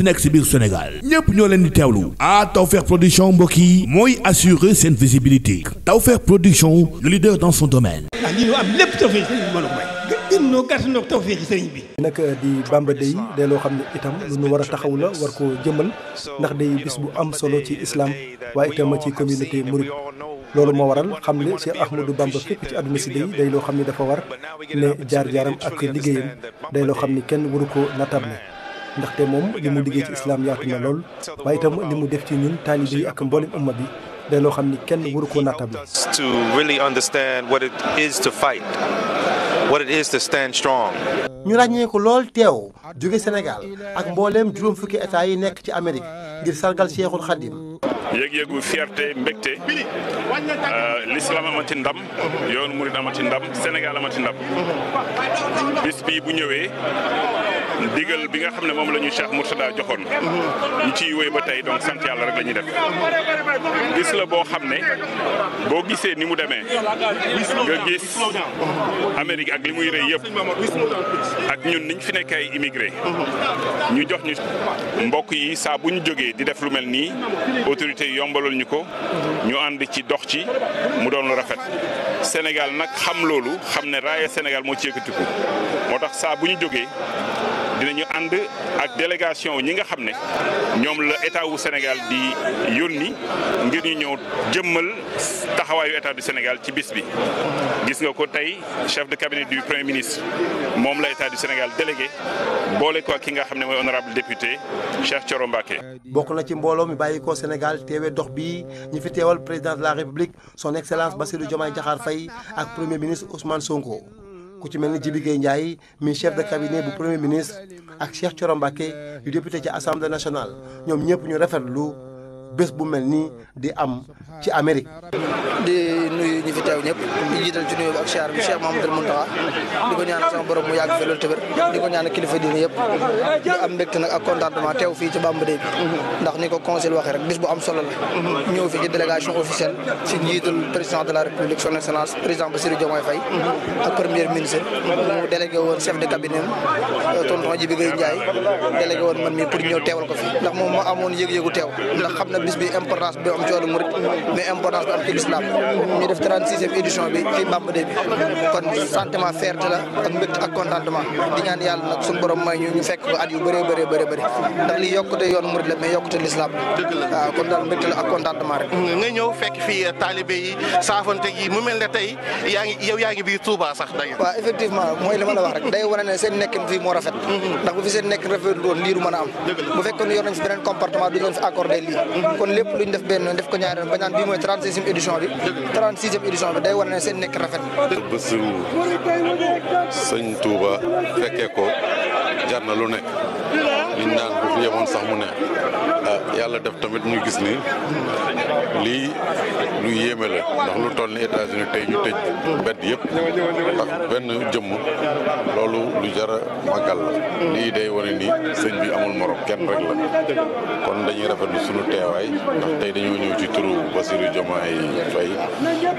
mënti nekk si biir Sénégal ñëpp ñoo leen di teewlu ah Tawfekh production mbokk yi mooy assurer seen visibilité Tawfekh production le leader dans son domaine. ah lii a may. gën ñoo nag di Bamba Day de loo xam ne itam lu ñu war a taxaw la war koo jëmal ndax day bis bu am solo ci islam waaye itam ci communauté mouride. loolu moo waral xam ne Cheikh Ahmadou Bamba fépp ci àdduna si day day loo xam ne dafa war ne jaar-jaaram ak liggéeyam day loo xam ne kenn waru ko natable ndaxte moom li mu liggéey ci islam yaatu na lool waaye itam li mu def ci ñun taalibe yi ak mboolem umma bi day loo xam ni kenn waru ko naatable. to really understand what it strong. ñu ràññeeku lool teew jóge Sénégal ak mbooleem juróom fukki état yi nekk ci Amérique ngir sargal Cheikhul Khadim. yëg-yëgu fierté mbégte euh, l'islam amati ndam yoonu murid amati ndam Sénégal amati ndam ñëwee. digal bi nga xam ne moom la ñu Cheikh Mourtada joxoon ñu ciy wéy ba tey donc sant yàlla rek la ñuy def gis la boo xam ne boo gisee ni mu demee nga gis Amérique ak li muy rëy yëpp ak ñun niñ fi nekk ay immigré ñu jox ñu mbokk yi saa bu ñu jógee di def lu mel nii autorité yi yombalal ñu ko ñu ànd ci dox ci mu doon lu rafet Sénégal nag xam loolu xam ne raaya Sénégal moo ci moo tax saa bu ñu jógee dinañu ànd ak délégation ñi nga xam ne ñoom la état wu Sénégal di yónni ngir ñu ñëw jëmal taxawaayu état du senegal ci bis bi. gis nga ko tey chef de cabinet du premier ministre moom la état du Sénégal délégué boole ko ak ki nga xam ne mooy honorable député Cheikh Thioro Mbacké. bokk na ci mbooloo mi bàyyi ko Sénégal teewee dox bi ñu fi teewal président de la république son excellence Bassirou Diomaye Diakhar Faye ak premier ministre Ousmane Sonko. ku ci mel ni Djibi Gueye Ndiaye mi chef de cabinet bu premier ministre ak Cheikh Thioro Mbacké yu député ci assemblée nationale ñoom ñëpp ñu lu bés bu mel ni di am ci Amérique. nuyu ñu fi teew ñëpp di jiital ci nuyu ak siyaar bi Cheikh Mamadou Mountakha di ko ñaan sama borom mu yàgg fi tëbër di ko kilifa diine yëpp di am solo la ñëw fii ci délégation officielle ci njiital président de la république son excellence président Bassirou Diomaye Faye ak premier ministre mu délégué woon chef de cabinet euh, tonton Djibi Gueye délégué woon man mi pour ñëw teewal ko fi ndax moom moo amoon yëg-yëgu teew ndax xam na bis bi importance def 36 bi fii Bamba Dey bi kon sentiment fierté la ak mbégte ak contentement di ñaan yàlla nag suñu borom may ñu fekk ko at yu bëree bëree bëri ndax li yokkute yoon mu mel ne tey yaa ngi yow yaa ngi biir Touba sax da effectivement mooy li ma la wax rek day wane ne seen nekkin fii moo rafet mm-hmm. ndax bu fi seen nekkin rafet doon lii du mën a am bu fekkoon yor nañ fi beneen comportement duñ leen fi lii mm-hmm. kon lépp luñ def benn def ko ñaari bañaan sixième édition bi day war naa seen nekk rafet bés sëñ Touba fekkee ko jar na lu nekk liñ naan bu fi yemoon sax mu ne ah, yàlla def tamit ñu gis ni lii lu yéeme la ndax lu toll ni États-Unis tey ñu tëj mbedd yëpp ndax benn jëmm loolu lu jara màggal la lii day wane ni sëñ bi amul morom kenn rek la kon dañuy rafetlu suñu teewaay ndax tey dañoo ñëw ci turu Bassirou Diomaye Faye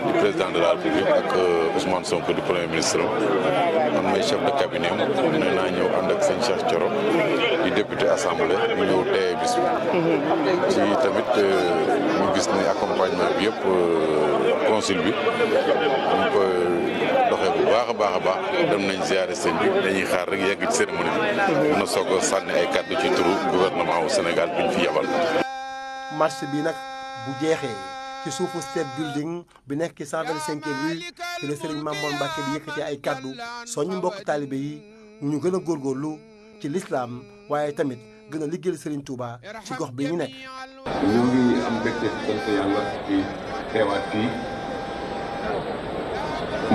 di président de la République ak euh, Ousmane Sonko di premier ministre man may chef de cabinet am nee ñëw ànd ak sëñ Cheikh di député assemblée ñu ñëw teewe bis mhm. ci tamit mu euh, gis ni accompagnement bi yëpp euh, consul bi ñu ko doxee bu baax a baax baax mhm. dem nañ ziare sëñ bi dañuy xaar rek yegg ci cérémonie bi mën mhm. a soog a sànni ay kàddu ci turu gouvernement wu Sénégal bi fi yabal marche bi nag bu jeexee ci suufu set building bi nekk ci 125e rue ci la Serigne Mamoun Mbacke di yëkkati ay kàddu soññ mbokk taalibe yi ñu gën a góorgóorlu ci lislaam waaye tamit gën a liggéeyal Serigne Touba ci gox bi ñu nekk. ñu ngi am mbégte sant yàlla di teewaat fii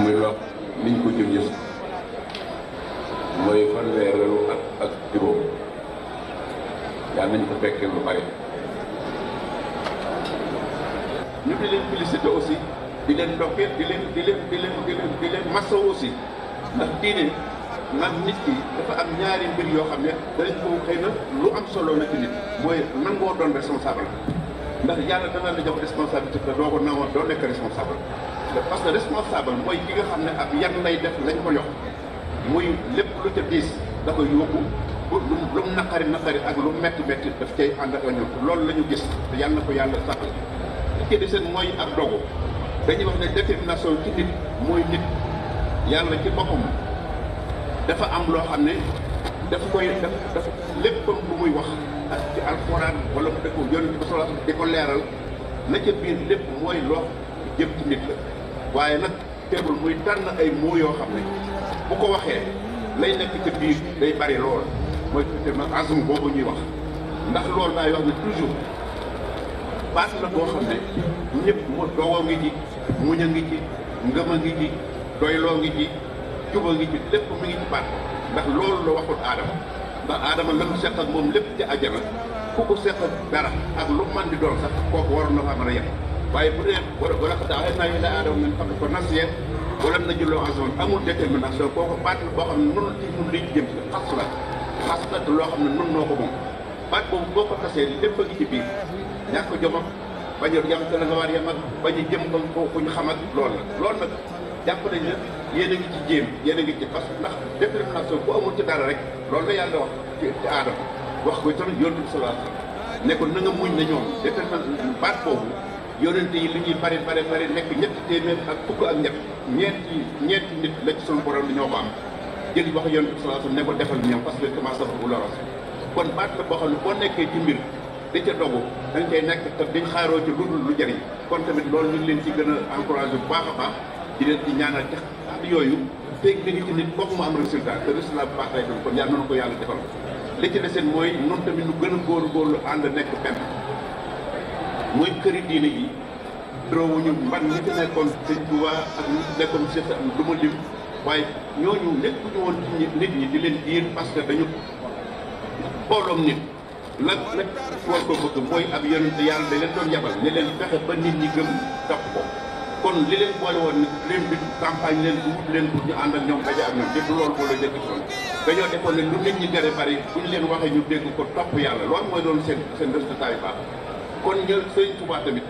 muy wax niñ ko jëm mooy fanweeru at ak juróom yaa nañ ko fekkee lu bari. ñu di leen félicité aussi di leen ndokkeel di di leen di leen di leen di aussi ndax diine. man nit ki dafa am ñaari mbir yoo xam ne danañ ko xëy na lu am solo la ci nit mooy nangoo doon responsable ndax yàlla dana la jox responsabilité te doo ko nangoo doo nekk responsable parce que responsable mooy ki nga xam ne ab yan lay def lañ ko jox muy lépp da koy yóbbu bu lu mu naqari naqari ak lu metti metti daf cay loolu la ñu gis te na ko yàlla saxal li ci mooy ab dogu dañuy wax ne détermination ci nit mooy nit yàlla ci boppam dafa am loo xam ne daf koy daf daf léppam bu muy wax ak ci alxuraan wala mu dëkk yonent bi solo di ko leeral na ca biir lépp mooy loo jëm ci nit la waaye nag teewul muy tànn ay mots yoo xam ne bu ko waxee lay nekk ca biir day bari lool mooy tuuti ma azum boobu ñuy wax ndax loolu daay wax ne toujours baat la boo xam ne ñëpp mu dogoo ngi ci muñ a ngi ci ngëm ngi ci doyloo ngi ci juba ngi ci lépp mi ngi ci baat ndax loolu la waxul aadama ndax aadama la mu seq ak moom lépp ci àjjana ku ko seq ak dara ak lu man di doon sax kooku waroon na faa a yem bu dee wala wala daaw naa yéene aadama man xam ko nas yéen wala na julloo baat la boo xam ne noonu ci nun liñ jëm si xas la xas la loo xam ne nun noo ko moom baat boobu boo ko tasee lépp a ngi ci biir ñàkk jom ak bañ a yam te la nga war yam ak bañ a jëm ko fu ñu xam ak loolu la loolu nag jàpp nañ ne yéen a ngi ci jéem yéen ngi ci parce que ndax détermination bu amul ci dara rek loolu la yàlla wax ci aadama wax ko tamit yoon bi sallallahu alayhi wasallam ne ko na nga muñ na ñoom détermination baat boobu yonent yi li ñuy bari bari bari nekk ñetti téeméer ak fukk ak ñett ñeenti ñeenti nit la ci sunu am jël wax yonent bi sallallahu alayhi wasallam ne ko defal ñoom parce que commencé na bu la ros kon baat la boo boo nekkee ci mbir di ca dogu dañ cay nekk te dañ xaaroo ci lu dul lu jëriñ kon tamit loolu leen ci gën a encouragé bu baax a baax di leen di ñaanal ca xaar yooyu feeg mi ngi ci nit kooku mu am résultat te résultat baax lay doon kon yàlla noonu ko yàlla defal li mooy noonu tamit nu gën a góorgóorlu ànd nekk benn këri diine yi doroowuñu mban ñi fi nekkoon sëñ Touba ma lim waaye ñooñu nekkuñu woon nit ñi di leen biir parce que dañu booloom nit lan nag war ko bëgg mooy ab yonent yàlla da leen doon yabal leen fexe ba nit ñi gëm tax ko kon li leen boole woon leen bi campagne leen bu wut leen pour ñu ànd ak ñoom daje ak ñoom lépp loolu ko la jëkkatoon dañoo defoon ne lu nit ñi gën a bari bu ñu leen waxee ñu dégg ko topp yàlla loolu mooy doon seen seen résultat yu baax kon ñoom tamit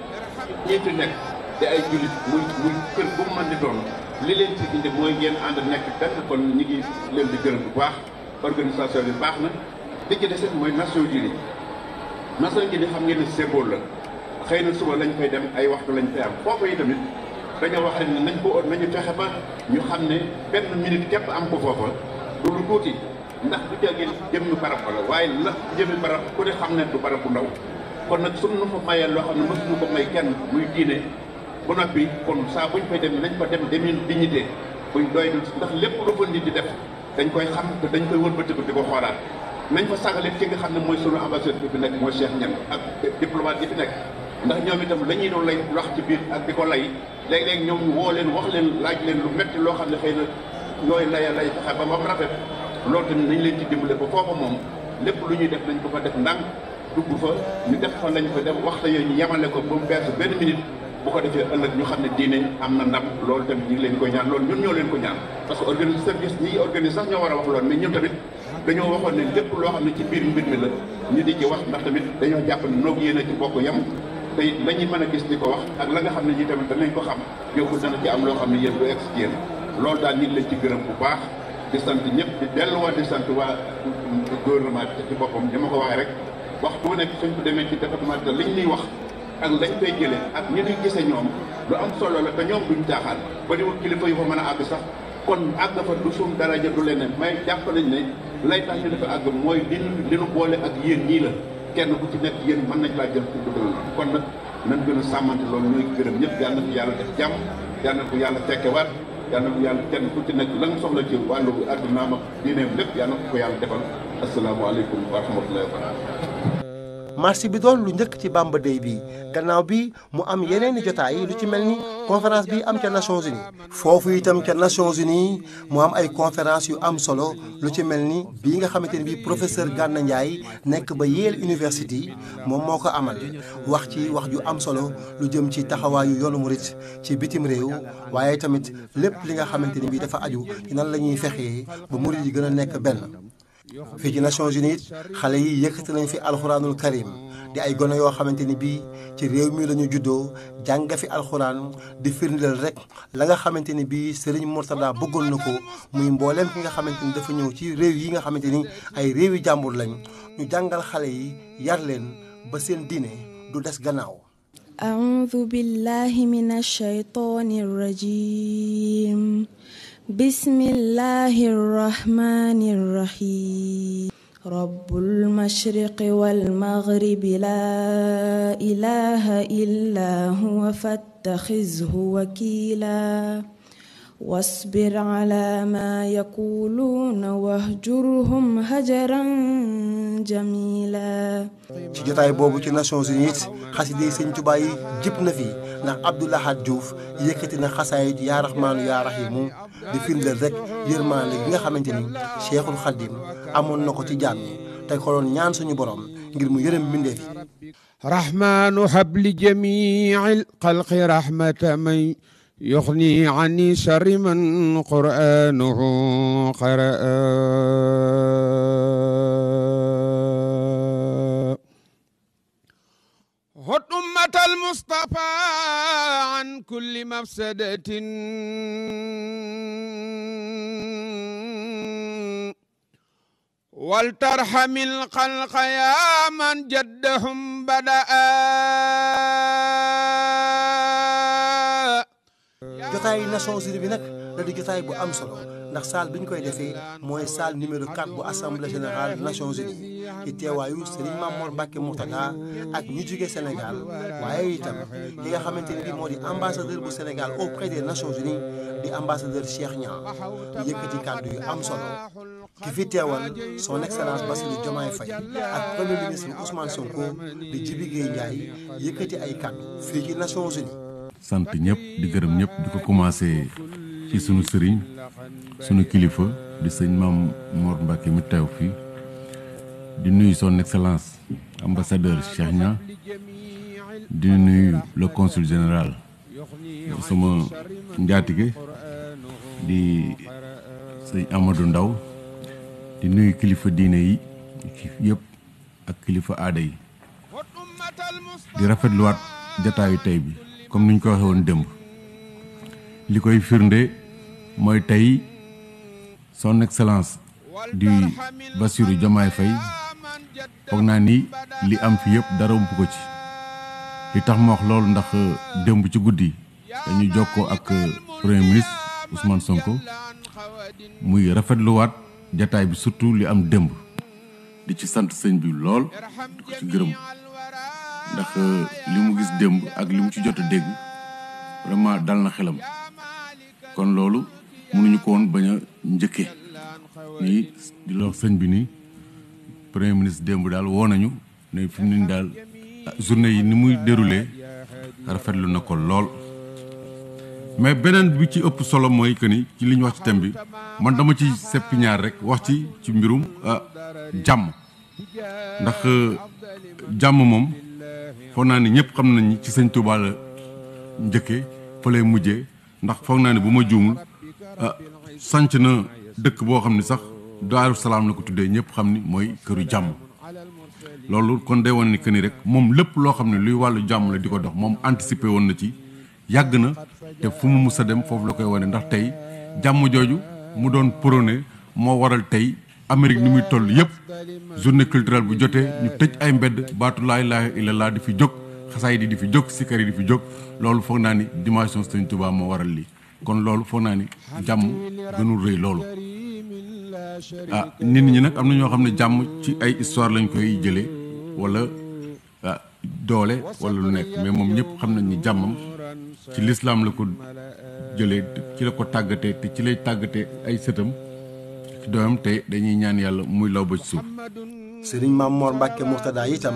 ñi fi nekk di ay jullit muy muy kër bu mu di doon li leen ci indi mooy ngeen ànd nekk benn kon ñi ngi leen di gërëm bu baax organisation bi baax na li ci des mooy Nations Unies Nations Unies xam ngeen ne symbole la xëy na suba lañ fay dem ay waxtu lañ am foofu yi tamit dañoo wax rek ne nañ ko nañu fexe ba ñu xam ne benn minute képp am ko foofa loolu tuuti ndax du jagee jëm ñu barab la waaye la jëmi barab ku ne xam ne du barab bu ndaw kon nag suñu nu fa mayee loo xam ne mësuñu ko may kenn muy diine bu noppi kon saa bu ñu koy dem nañ ko dem demin dignité buñ doy dul ndax lépp lu fa nit di def dañ koy xam te dañ koy wëlbatiku di ko xoolaat nañ fa sagalit ki nga xam ne mooy sunu ambassadeur bi fi nekk mooy Cheikh Niang ak diplomate yi fi nekk ndax ñoom itam la ñuy doon lay wax ci biir ak di ko lay léeg-léeg ñoom woo leen wax leen laaj leen lu métti loo xam ne xëy na looy laya lay fexe ba ma mu rafet loolu tamit nañ leen ci dimbale ba foofa moom lépp lu ñuy def nañ ko fa def ndànk dugg fa ñu def fa lañ fa def waxta yooyu ñu yemale ko ba mu bees benn minute bu defee ëllëg ñu xam ne diine am na ndam loolu tamit ñu ngi leen koy ñaan loolu ñun ñoo leen ko ñaan parce que organise service ñi organise sax ñoo war a wax loolu mais ñun tamit dañoo waxoon ne lépp loo xam ne ci biir mbir mi la ñu di wax ndax tamit dañoo jàpp ne noog a ci yem tey la ñuy a gis di ko wax ak la nga xam ne ñi tamit danañ ko xam yokkul dana ci am loo xam ne yéen du egg ci yéen loolu daal nit lañ ci gërëm bu baax di sant ñëpp di delluwaat di sant waa gouvernement bi ci boppam ni ma ko waxee rek waxtu bu nekk suñ ko demee ci département te liñ ñuy wax ak lañ koy jëlee ak ñi ñuy gisee ñoom lu am solo la te ñoom duñ caaxaan ba kilifa yu fa mën a àgg sax kon àgg fa du suum daraja du leneen may jàpp nañ ne lay tax ñu dafa mooy li li nu boole ak yéen ñii la kenn ku ci nekk yéen mën nañ laa jël pour dugal la kon nag nañ gën a sàmmante loolu ñooy gërëm ñëpp yàlla na fi yàlla def jàmm yàlla ko yàlla fekkewaat yàlla ko yàlla kenn yàlla ko yàlla defal asalaamaaleykum wa rahmatullahi wa barakatuh bi doon lu njëkk ci Bamba Day bi gannaaw bi mu am yeneen i jotaay lu ci mel ni conférence bi am ca Nations Unies foofu itam ca Nations Unies mu am ay conférence yu am solo lu ci mel ni bii nga xamante ni bii professeur Gana Ndiaye nekk ba Yale University moom moo ko amal wax ci wax ju am solo lu jëm ci taxawaayu yoonu murit ci bitim réew waaye tamit lépp li nga xamante ni bii dafa aju ci nan la ñuy fexee ba murit yi gën a nekk benn. fii ci Nations Unies xale yi yëkkati nañ fi alxuraanul karim di ay gone yoo xamante ni bii ci réew mi la ñu juddoo jàng fi alxuraan di firndeel rek la nga xamante ni bii Serigne Mourtada bëggoon na ko muy mbooleem ki nga xamante ni dafa ñëw ci réew yi nga xamante ni ay réew yi jàmbur lañ ñu jàngal xale yi yar leen ba seen diine du des gannaaw. a'udhu billahi minash bismillahi rrahmani rrahim rabbul mashriqi wal maghribi laa ilaha illa huwa fattaxizhu wakiila wasbir calaa maa yaquuluuna wahjurhum hajaran jamiila ci jotaay boobu ci Nations Unies xasida yi Sëñ Tuubaa yi jëpp na fi ndax Abdou Lahad Diouf yëkkati na xasaayit yaa raxmaanu yaa raxiimu di firndeel rek yërmaande gi nga xamante ni Cheikhul Khadim amoon na ko ci jaam ñi te ko doon ñaan suñu borom ngir mu yërëm mbindeef yi raxmaanu habli jamiil xalqi raxmata man yuxni ani sharri man quraanuhu qaraa المصطفى عن كل مفسدة ولترحم الخلق يا من جدهم بدأ jotaayu Nations Unies bi nag da di jotaay bu am solo ndax salle bi ñu koy defee mooy salle numéro 4 bu assemblée générale Nations Unies ci teewaayu Serigne Mamour Mbacké Mourtada ak ñi jóge Sénégal waaye itam li nga xamante ni bi moo di ambassadeur bu Sénégal auprès des Nations Unies di ambassadeur Cheikh Niang yëkkati kàddu yu am solo ki fi teewal son excellence Bassirou Diomaye Faye ak premier ministre Ousmane Sonko di Djibi Gueye Ndiaye ay kàddu fii ci Nations sant ñëpp di gërëm ñëpp di ko commencé ci sunu sëriñ sunu kilifa di sëñ maam Mor Mbacke mi teew fii di nuyu son excellence ambassadeur Cheikh di nuyu le consul général suma njaatige di sëñ Amadou Ndaw di nuyu kilifa diine yi yëpp ak kilifa aada yi di rafetluwaat jataayu tey bi comme ni ñu ko waxee woon démb li koy firnde mooy tey son excellence di Bassirou Diomaye fay foog naa ni li am fi yëpp dara ump ko ci li tax ma wax loolu ndax euh, dëmb ci guddi dañu jokkoo ak euh, premier ministre Sonko muy rafetluwaat jataay bi surtout li am dëmb di ci sant sëñ bi lool di ko ci gërëm ndax euh, li mu gis démb ak li mu ci jot a dégg vraiment dal na xelam kon loolu mënuñu ko woon bañ a njëkkee nii di la sëñ bi ni premier ministre démb daal woo nañu ne fi mu daal ah, journée yi ni muy déroulé rafetlu na ko lool. mais beneen bi ci ëpp solo mooy que ni ci li ñu wax ci thème bi man dama ci seppi ñaar rek wax ci ci mbirum ah, jàmm ndax euh, jàmm moom. foog naa ne ñëpp xam nañ ci sëñ Touba la njëkkee fa lay mujjee ndax foog naa ne bu ma juumul ah, sanc na dëkk boo xam ne sax daaru salaam la ko tuddee ñëpp xam ni mooy këru jàmm loolu kon day wane ni que ni rek moom lépp loo xam ne luy wàllu jàmm la di ko dox moom anticiper woon na ci yàgg na te fu mu mus dem foofu la koy wane ndax tey jàmm jooju mu doon prôné moo waral tey Amérique ni muy toll yëpp journée culturelle bu jotee ñu tëj ay mbedd baatu laa ilaaha illallaah di fi jóg xasaay di di fi jóg sikar yi di fi jóg loolu foog naa ni dimension Sëñ tubaab moo waral lii kon loolu foog naa ni jàmm nu rëy loolu ah nit ñi nag am na ñoo xam ne jàmm ci ay histoire lañ koy jëlee wala ah, doole wala lu nekk mais moom ñëpp xam nañ ni jàmmam lislaam la ko jëlee ci la ko tàggatee te ci lay tàggatee ay sëtam ci doomam te dañuy ñaan yàlla muy law ba ci suuf. sëriñ Maam Mor Mbàkke Murtada tam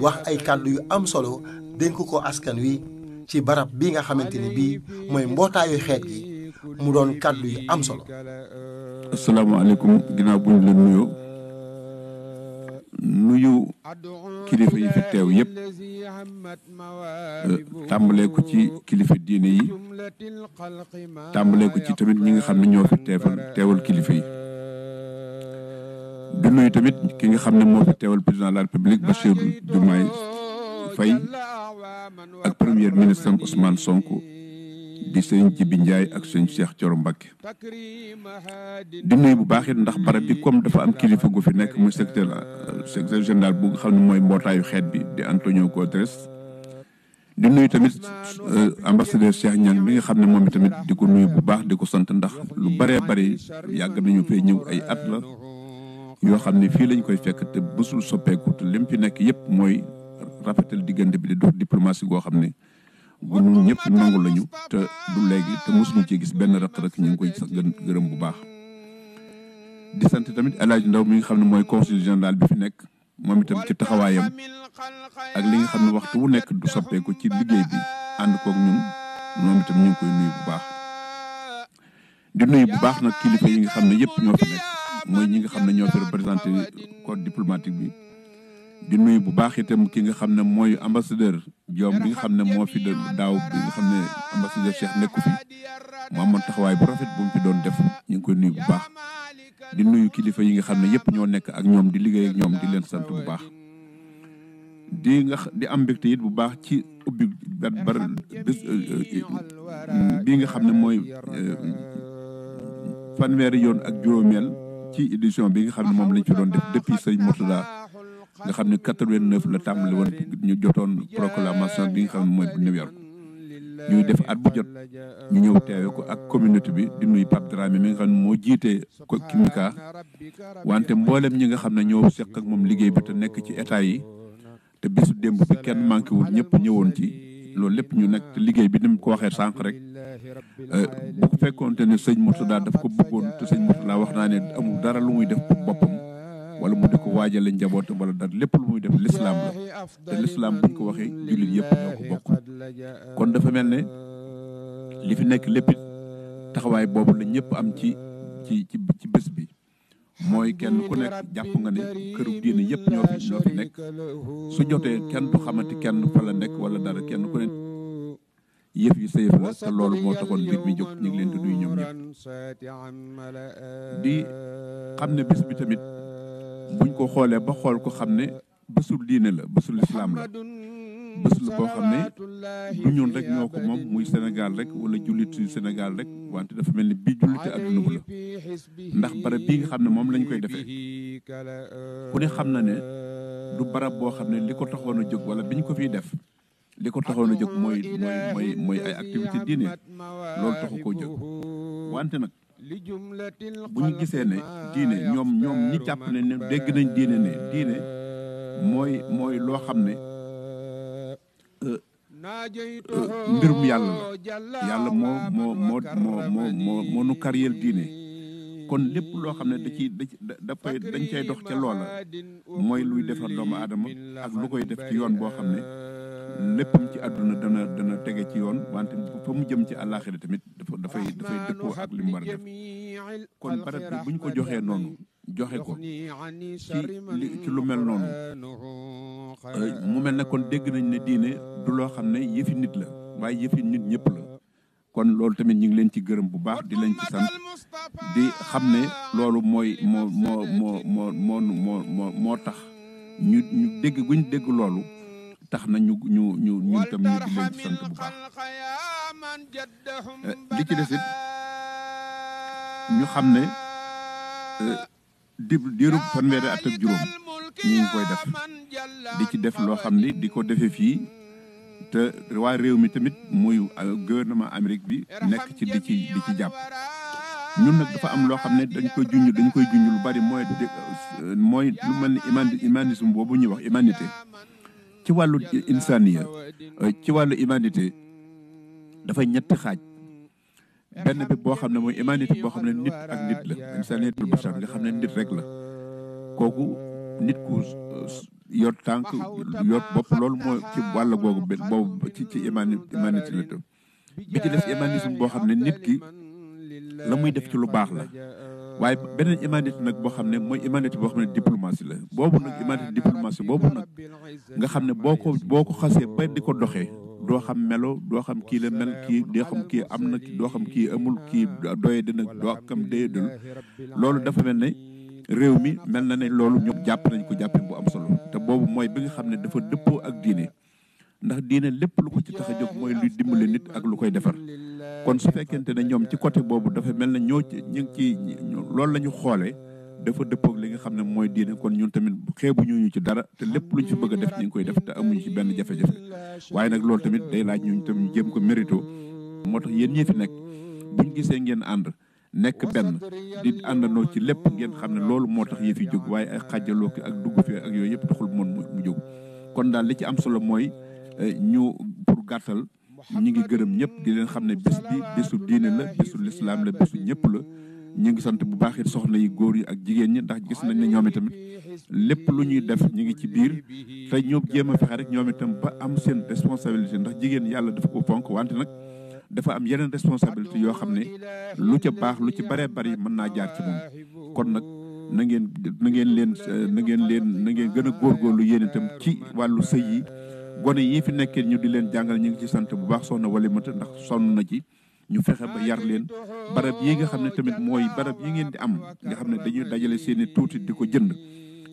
wax ay kàddu yu am solo dénk ko askan wi ci barab bi nga xamante ni bii mooy mbootaayu xeet gi mu doon kàddu yu am solo. asalaamaaleykum ginnaaw bu ñu leen nuyoo nuyu kilifa yi fi teew yëpp euh, tàmbalee ko ci kilifa diine yi tàmbalee ko ci tamit ñi nga xam ne ñoo fi teewal teewal kilifa yi. di nuyu tamit ki nga xam ne moo fi teewal président de la république Bassirou Diomaye Faye ak premier ministre am sonk Sonko di sëñ Jibi njaay ak sëñ Cheikh Thioro Mbacké di nuyu bu baax it ndax barab bi comme dafa am kilifa gu fi nekk muy secrétaire euh, secrétaire général bu nga xam ne mooy mbootaayu xeet bi di Antonio Guterres di nuyu tamit euh, ambassadeur Cheikh Niang bi nga xam ne moom i tamit di ko nuyu bu baax di ko sant ndax lu baree bari yàgg nañu fee ñëw ay at la yoo xam ne fii lañ koy fekk te bësul soppeeku te lim fi nekk yëpp mooy rafetal diggante bi di dox diplomatie goo xam ne bu ñun ñëpp nangu lañu te du léegi te mosuñu ci gis benn rëq-rëq ñu ngi koy sax gën gërëm bu baax. di sant tamit El Ndaw mi xam ne mooy consul général bi fi nekk moom itam ci taxawaayam ak li nga xam ne waxtu wu nekk du soppeeku ci liggéey ànd kook ñun moom itam bu baax. nag kilifa yi nga xam ne yëpp ñoo fi mooy ñi nga xam ne ñoo fi représenté corps diplomatique bi di nuyu bu baax itam ki nga xam ne mooy ambassadeur Diome bi nga xam ne moo fi daaw xam ne ambassadeur Cheikh nekku fi mu amoon taxawaay bu rafet doon def ñu ngi koy nuyu bu baax di nuyu kilifa yi nga xam ne yëpp ñoo nekk ak ñoom di liggéey ak ñoom di leen sant bu baax di di am mbégte bu baax ci ubbi ba bar euh, euh, bii nga xam ne mooy euh, fanweeri yoon ak juróomeel ci édition bi nga xam ne moom lañ ci doon def depuis sëñ Mourtada nga xam ne 89 la tàmbali woon ñu jotoon proclamation bi nga xam ne mooy bu New York ñuy def at bu jot ñu ñëw teewe ko ak communauté bi di nuyu Pape Dramé mi nga xam ne moo jiitee ko Kimika wante mboolem ñi nga xam ne ñoo seq ak moom liggéey bi te nekk ci état yi te bisu démb bi kenn manqué wul ñëpp ñëwoon ci. loolu lépp ñu nekk liggéey bi ni mu ko waxee sànq rek euh, bu ko fekkoonte ne sëñ Mourtada daf ko bëggoon te sëñ Mourtada wax naa ne amul dara lu muy def pour boppam wala mu di ko waajale njabootam wala dara lépp lu muy def lislaam la te lislaam buñ ko waxee jullit yëpp ñoo ko bokk kon dafa mel ne li fi nekk lépp taxawaay boobu lañ yëpp am ci ci ci bés bi mooy kenn ku nekk jàpp nga ne këru diine yëpp ñoo fi ñoo fi nekk su jotee kenn du xamante kenn fa la nekk wala dara kenn ku ne yëf yi sa yëf la te loolu moo taxoon mbir mi jóg ñu ngi leen di nuyu ñoom ñëpp di xam ne bés bi tamit buñ ko xoolee ba xool ko xam ne bésul diine la bésul islaam la bés la boo xam ne du ñun rek ñoo ko moom muy Sénégal rek wala jullit Sénégal rek wante dafa mel ni bii jullite adduna bu la ndax barab bii nga xam ne moom lañ koy defee ku ne xam na ne du barab boo xam ne li ko taxoon a jóg wala bi ñu ko fi def li ko taxoon a jóg mooy mooy mooy mooy ay activité diine loolu taxu koo jóg wante nag bu ñu gisee ne diine ñoom ñoom ñi jàpp ne ne dégg nañ diine ne diine mooy mooy loo xam ne Euh, euh, mbirum yàlla la yàlla moo moo moo moo moo moo nu kariyeel diine kon lépp loo xam ne da ciy da dañ cay dox ca loola mooy luy defar doomu aadama ak lu koy def ci yoon boo xam ne léppam ci àdduna dana dana tege ci yoon wante fa mu jëm ci àllaaxira tamit dafa dafay dafay dëppoo ak li mu war a kon barab bi bu ñu ko joxee noonu joxe ko ci ci lu mel noonu euh, mu mel ne kon dégg nañ ne diine du loo xam ne yëfi nit la waaye yëfi nit ñëpp la kon loolu tamit ñu ngi leen ci gërëm bu baax di leen ci sant bi xam ne loolu mooy moo moo moo moo moo moo moo tax ñu ñu dégg guñ dégg loolu tax na ñu ñu ñu ñun tam ñu di leen sant bu baax eh, li ci desit ñu xam ne eh, di diirub fanweeri at ak juróom ñu ngi koy def di ci def loo xam ne di ko defee fii te waa réew mi tamit muy eh, gouvernement Amérique bi nekk ci di ci di ci jàpp ñun nag dafa am loo xam ne dañ koy junj dañ koy junj lu bari mooy mooy lu mel ni imanisme boobu ñuy wax humanité ci wàllu insaniya euh, ci wàllu imanité dafay ñetti xaaj benn bi boo xam ne mooy humanité boo xam ne nit ak nit la insaniyatul bashar nga xam ne nit rek la kooku nit ku euh, yor tànk yor bopp loolu moo ci wàll googu boobu ci ci humanité la tam ci des humanisme boo xam ne nit ki la muy def ci lu baax la waaye beneen humanité nag boo xam ne mooy humanité boo xam ne diplomatie la boobu nag humanité diplomatie boobu nag nga xam ne boo ko boo ko xasee ba di ko doxee doo xam melo doo xam kii la mel kii doo xam kii am na doo xam kii amul kii doye dina doo xam doyedul loolu dafa mel ne réew mi mel na ne loolu ñoom jàpp nañ ko jàppee bu am solo te boobu mooy bi nga xam ne dafa dëppoo ak diine ndax diine lépp lu ko ci tax a jóg mooy luy dimbale nit ak lu koy defar kon su fekkente ne ñoom ci côté boobu dafa mel na ñoo ci ñu ngi ci loolu la ñu xoolee dafa dëppoog li nga xam ne mooy diine kon ñun tamit xeebuñu ñu ci dara te lépp luñ fi bëgg a def ñu ngi koy def te amuñu ci benn jafe-jafe waaye nag loolu tamit day laaj ñu tamit jéem ko mérito moo tax yéen ñi fi nekk buñ gisee ngeen ànd nekk benn di àndandoo ci lépp ngeen xam ne loolu moo tax yëf yi jóg waaye xàjjaloo ki ak dugg fi ak yooyu yëpp taxul moon mu jóg kon daal li ci am solo mooy Eh, ñu pour gàttal ñu ngi gërëm ñëpp di leen xam ne bés bi bésu diine la bésu lislaam la bésu ñëpp la ñu ngi sant bu baax it soxna yi góor yi ak jigéen ñi ndax gis nañ ne ñoom itamit lépp lu ñuy def ñu ngi ci biir te ñoom jéem a fexe rek ñoom itam ba am seen responsabilité ndax jigéen yàlla dafa ko fonk wante nag dafa am yeneen responsabilité yoo xam ne lu ca baax lu ci baree bari mën naa jaar ci moom kon nag na ngeen na ngeen leen eh, na ngeen leen na ngeen gën a góorgóorlu yéen itam ci wàllu sëy yi gone yii fi nekkee ñu di leen jàngale ñu ngi ci sant bu baax soxna Walimata ndax sonn na ci ñu fexe ba yar leen barab yi nga xam ne tamit mooy barab yi ngeen di am nga xam ne dañuy dajale seeni tuuti di ko jënd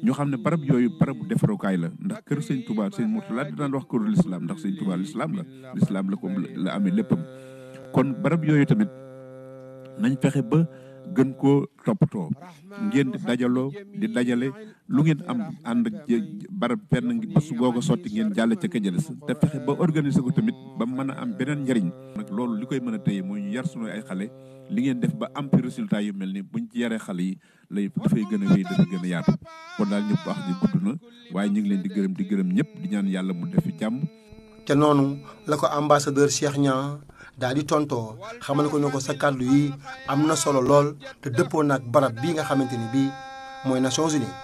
ñu xam ne barab yooyu barabu defarukaay la ndax kër sëñ Touba sëñ Mourtala daan wax këru lislaam ndax sëñ Touba lislaam la lislaam la ko la amee léppam kon barab yooyu tamit nañ fexe ba gën koo toppatoo ngeen di dajaloo di dajale lu ngeen am ànd ak barab fenn ngi bés boo ko sotti ngeen jàll ca këjëles te fexe ba organiser ko tamit ba mën a am beneen njariñ nag loolu li koy mën a moo mooy ñu yar sunu ay xale li ngeen def ba am fi résultat yu mel ni buñ ci yaree xale yi lay dafay gën a wéy dafa gën a yaatu kon daal ñëpp wax ji gudd na waaye ñu leen di gërëm di gërëm ñëpp di ñaan yàlla mu def fi jàmm te noonu la ko ambassadeur Cheikh Niang daal di tontoo xamal ko ne ko sa kàddu yi am na solo lool te dëppoo nag barab bii nga xamante ni bii mooy Nations Unies.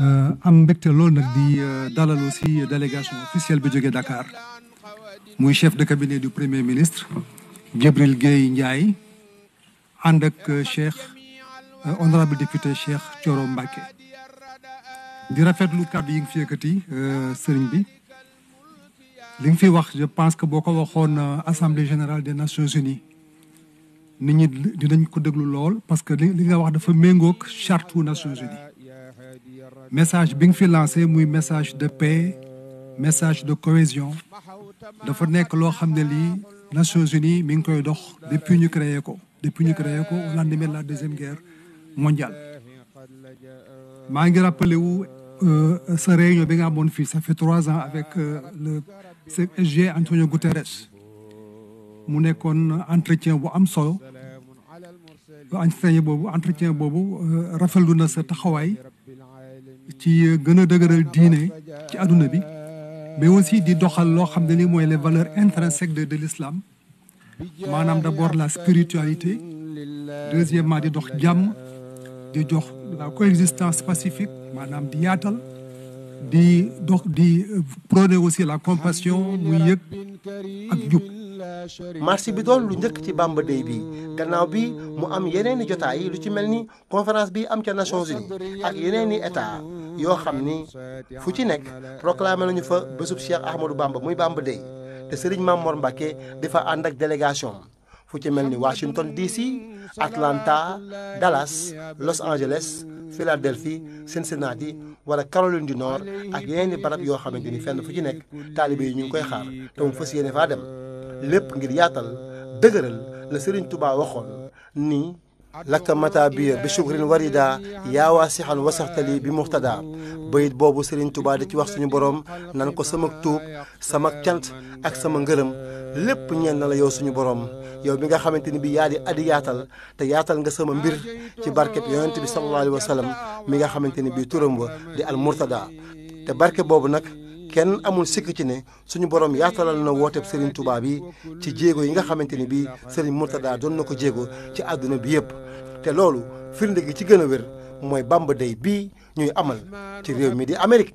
Euh, am mbégte loolu nag di euh, dalal aussi délégation officielle bi jógee Dakar muy chef de cabinet du premier ministre Gabriel Gueye Ndiaye ànd ak euh, Cheikh honorable député Cheikh Thioro Mbacké di rafetlu kàddu yi nga sëriñ bi. li nga fi wax je pense que boo ko waxoon euh, assemblée générale des nations unies ni ñi dinañ ko déglu lool parce que li nga wax dafa méngoog charte wu nations unies message bi nga fi lancé muy message de paix message de cohésion dafa nekk loo xam ne lii nations unies mi ngi koy dox depuis ñu créé ko depuis ñu créé ko au lendemain la deuxième guerre mondiale maa ngi rappelé wu euh, sa réunion bi nga amoon fii ça fait trois ans avec euh, le CSG Antonio Guterres mu nekkoon entretien bu am solo entretien boobu entretien boobu euh, rafetlu na sa taxawaay ci gën a dëgëral diine ci àdduna bi mais aussi di doxal loo xam ne ni mooy les valeurs intrinsèques de de l'islam maanaam d'abord la spiritualité deuxièmement di dox jàmm di jox la coexistence pacifique maanaam di yaatal di dox di euh, prôner aussi la compassion muy yëg ak jub. marché bi doon lu njëkk ci bàmba Day bi gannaaw bi mu am yeneeni jotaay lu ci mel ni conférence bi am ca Nations Unies ak yeneeni état yoo xam ni fu ci nekk proclamé nañu fa bésub Cheikh Ahmadou Bamba muy Bamba Day te Serigne Mamor Mbacke di fa ànd ak délégation fu ci mel ni Washington DC Atlanta Dallas Los Angeles Philadelphie Cincinnati wala Caroline du Nord ak yeneen i barab yoo xamante ni fenn fu ci nekk taalibe yi ñu ngi koy xaar te mu fas yéene faa dem lépp ngir yaatal dëgëral la Serigne tubaa waxoon ni. lakka mata biya bi shukrin warida yaawaa sixan wasaxtali bi muxtada bayit boobu Serigne tubaa di ci wax suñu borom nan ko sama tuub sama cant ak sama ngërëm lépp ñeen na la yow suñu boroom yow bi nga xamante ni bi yaa di adi yaatal te yaatal nga sama mbir ci barkeb yonent bi sallallahu alayhi wa sallam mi nga xamante ni bi turam wa di al murtada te barke boobu nag kenn amul sikk ci ne suñu borom yaatalal na wooteeb Serigne tubaab yi ci jéego yi nga xamante ni bii Serigne Mourtada doon na ko jéego ci àdduna bi yëpp te loolu firnde gi ci gën a wér mooy Bamba dey bii ñuy amal ci réew mi di Amérique.